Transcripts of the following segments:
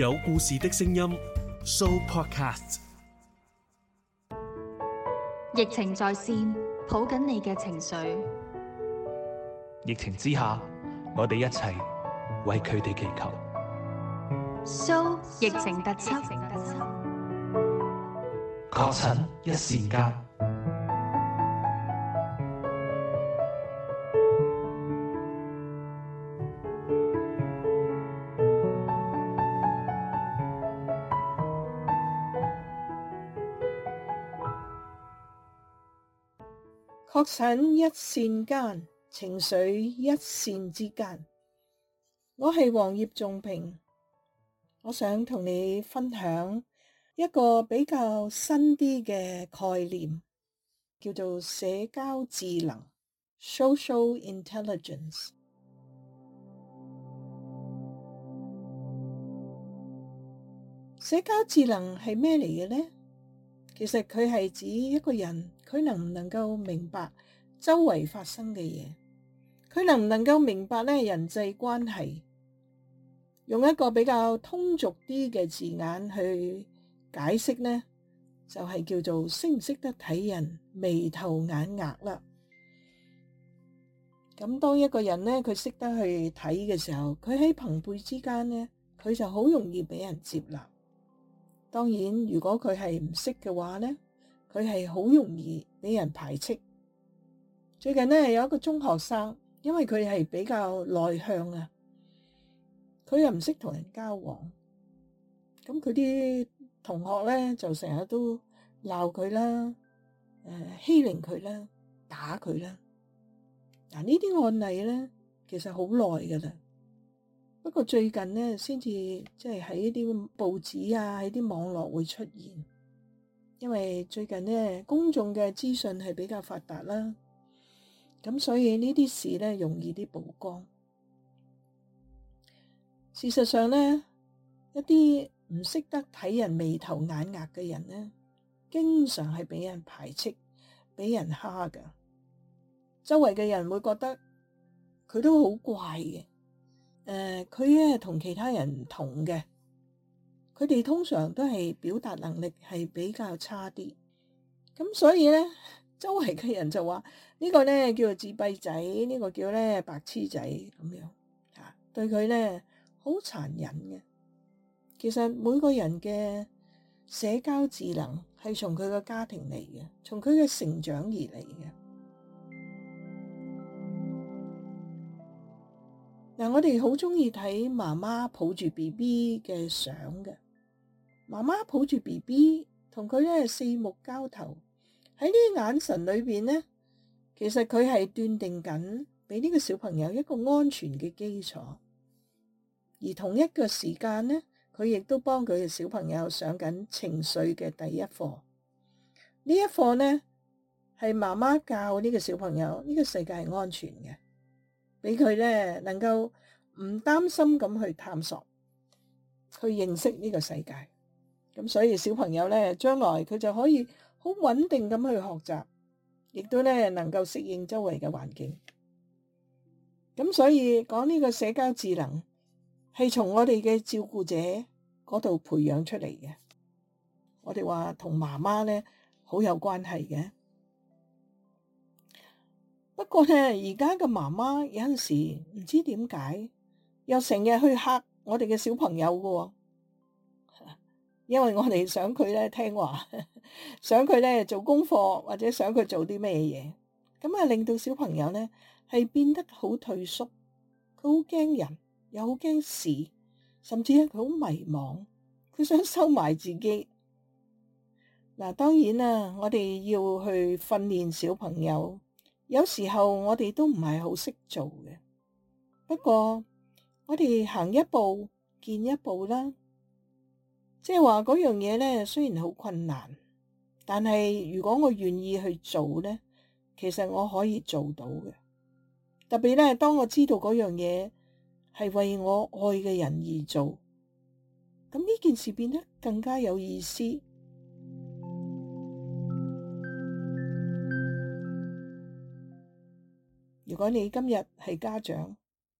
有故事的聲音，So Podcast。疫情在綫，抱緊你嘅情緒。疫情之下，我哋一齊為佢哋祈求。So 疫情特輯，確診一線間。確診一線間，情緒一線之間。我係黃葉仲平，我想同你分享一個比較新啲嘅概念，叫做社交智能 （Social Intelligence）。社交智能係咩嚟嘅呢？其實佢係指一個人，佢能唔能夠明白周圍發生嘅嘢，佢能唔能夠明白咧人際關係？用一個比較通俗啲嘅字眼去解釋咧，就係、是、叫做識唔識得睇人眉頭眼額啦。咁當一個人咧，佢識得去睇嘅時候，佢喺朋輩之間咧，佢就好容易俾人接納。當然，如果佢係唔識嘅話咧，佢係好容易俾人排斥。最近咧，有一個中學生，因為佢係比較內向啊，佢又唔識同人交往，咁佢啲同學咧就成日都鬧佢啦，誒、呃、欺凌佢啦，打佢啦。嗱，呢啲案例咧，其實好耐㗎喇。不過最近呢，先至即係喺一啲報紙啊，喺啲網絡會出現，因為最近呢，公眾嘅資訊係比較發達啦，咁所以呢啲事呢容易啲曝光。事實上呢，一啲唔識得睇人眉頭眼額嘅人呢，經常係俾人排斥、俾人蝦㗎，周圍嘅人會覺得佢都好怪嘅。誒，佢咧同其他人唔同嘅，佢哋通常都係表達能力係比較差啲，咁所以咧周圍嘅人就話，這個，呢個咧叫做自閉仔，呢、這個叫咧白痴仔咁樣吓，啊，對佢咧好殘忍嘅。其實每個人嘅社交智能係從佢嘅家庭嚟嘅，從佢嘅成長而嚟嘅。嗱，我哋好中意睇媽媽抱住 B B 嘅相嘅，媽媽抱住 B B，同佢咧四目交投，喺呢啲眼神裏邊呢，其實佢係斷定緊俾呢個小朋友一個安全嘅基礎，而同一個時間呢，佢亦都幫佢嘅小朋友上緊情緒嘅第一課，呢一課呢，係媽媽教呢個小朋友呢個世界係安全嘅。俾佢咧，能夠唔擔心咁去探索，去認識呢個世界。咁所以小朋友咧，將來佢就可以好穩定咁去學習，亦都咧能夠適應周圍嘅環境。咁所以講呢個社交智能係從我哋嘅照顧者嗰度培養出嚟嘅。我哋話同媽媽咧好有關係嘅。不過咧，而家嘅媽媽有陣時唔知點解，又成日去嚇我哋嘅小朋友嘅哦，因為我哋想佢咧聽話，想佢咧做功課，或者想佢做啲咩嘢，咁啊令到小朋友咧係變得好退縮，佢好驚人，又好驚事，甚至佢好迷茫，佢想收埋自己。嗱，當然啦，我哋要去訓練小朋友。有時候我哋都唔係好識做嘅，不過我哋行一步見一步啦。即係話嗰樣嘢呢，雖然好困難，但係如果我願意去做呢，其實我可以做到嘅。特別呢，當我知道嗰樣嘢係為我愛嘅人而做，咁呢件事變得更加有意思。如果你今日係家長，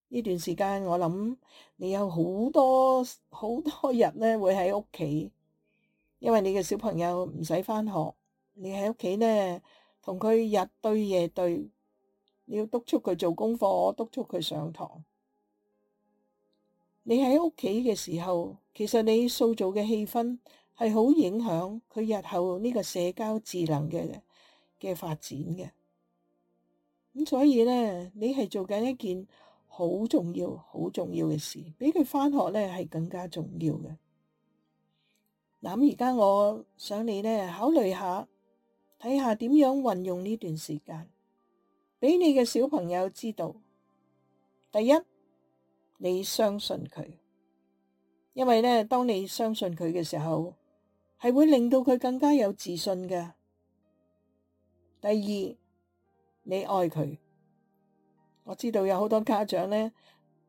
呢段時間，我諗你有好多好多日咧會喺屋企，因為你嘅小朋友唔使返學，你喺屋企呢，同佢日對夜對，你要督促佢做功課，督促佢上堂。你喺屋企嘅時候，其實你塑造嘅氣氛係好影響佢日後呢個社交智能嘅嘅發展嘅。咁所以呢，你係做緊一件好重要、好重要嘅事，俾佢翻學呢係更加重要嘅。嗱，而家我想你呢考慮下，睇下點樣運用呢段時間，俾你嘅小朋友知道。第一，你相信佢，因為呢，當你相信佢嘅時候，係會令到佢更加有自信嘅。第二。你愛佢，我知道有好多家長呢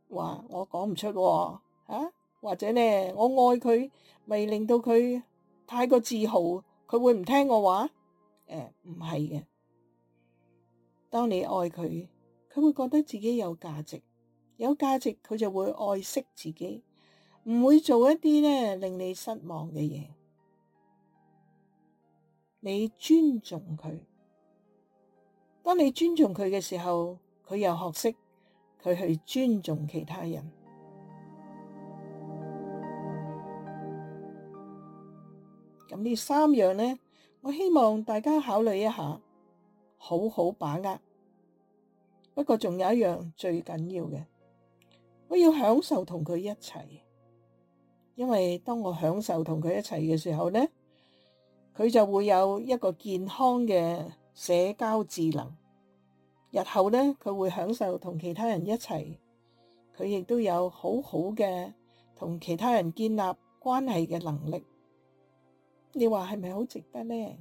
話我講唔出吓、哦啊，或者呢，我愛佢，未令到佢太過自豪，佢會唔聽我話？誒、呃，唔係嘅，當你愛佢，佢會覺得自己有價值，有價值佢就會愛惜自己，唔會做一啲呢令你失望嘅嘢，你尊重佢。當你尊重佢嘅時候，佢又學識佢去尊重其他人。咁呢三樣呢，我希望大家考慮一下，好好把握。不過仲有一樣最緊要嘅，我要享受同佢一齊。因為當我享受同佢一齊嘅時候呢，佢就會有一個健康嘅。社交智能，日後呢，佢會享受同其他人一齊，佢亦都有好好嘅同其他人建立關係嘅能力。你話係咪好值得呢？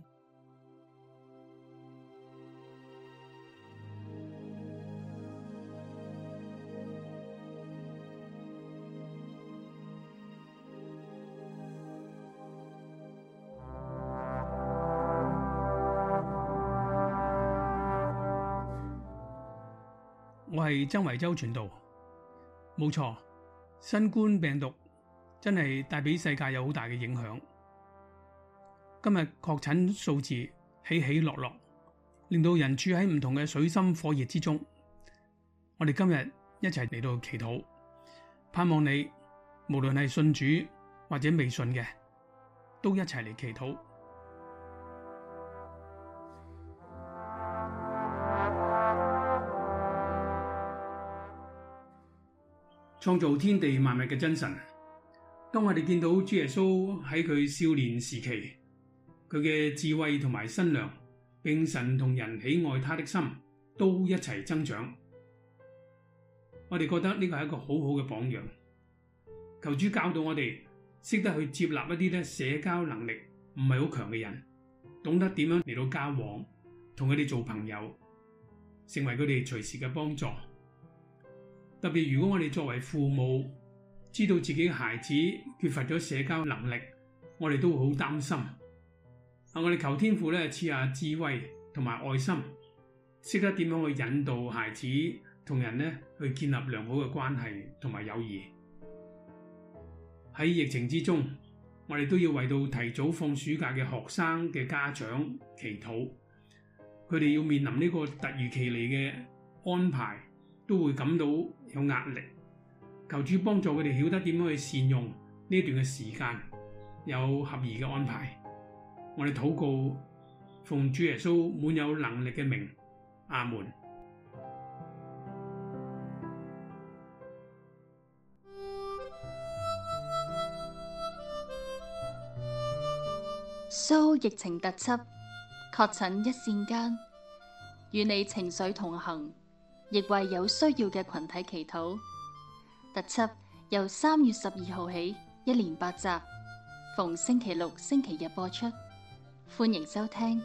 係曾維洲傳道，冇錯。新冠病毒真係帶俾世界有好大嘅影響。今日確診數字起起落落，令到人住喺唔同嘅水深火熱之中。我哋今日一齊嚟到祈禱，盼望你無論係信主或者未信嘅，都一齊嚟祈禱。創造天地萬物嘅真神，當我哋見到主耶穌喺佢少年時期，佢嘅智慧同埋身量，並神同人喜愛他的心都一齊增長，我哋覺得呢個係一個好好嘅榜樣。求主教導我哋，識得去接納一啲咧社交能力唔係好強嘅人，懂得點樣嚟到交往，同佢哋做朋友，成為佢哋隨時嘅幫助。特別如果我哋作為父母，知道自己嘅孩子缺乏咗社交能力，我哋都會好擔心。啊，我哋求天父咧賜下智慧同埋愛心，識得點樣去引導孩子同人咧去建立良好嘅關係同埋友誼。喺疫情之中，我哋都要為到提早放暑假嘅學生嘅家長祈禱，佢哋要面臨呢個突如其來嘅安排，都會感到有壓力，求主幫助佢哋曉得點樣去善用呢段嘅時間，有合宜嘅安排。我哋禱告，奉主耶穌滿有能力嘅名，阿門。So, 疫情突襲，確診一線間，與你情緒同行。亦為有需要嘅群體祈禱。特輯由三月十二號起，一連八集，逢星期六、星期日播出。歡迎收聽，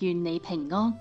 願你平安。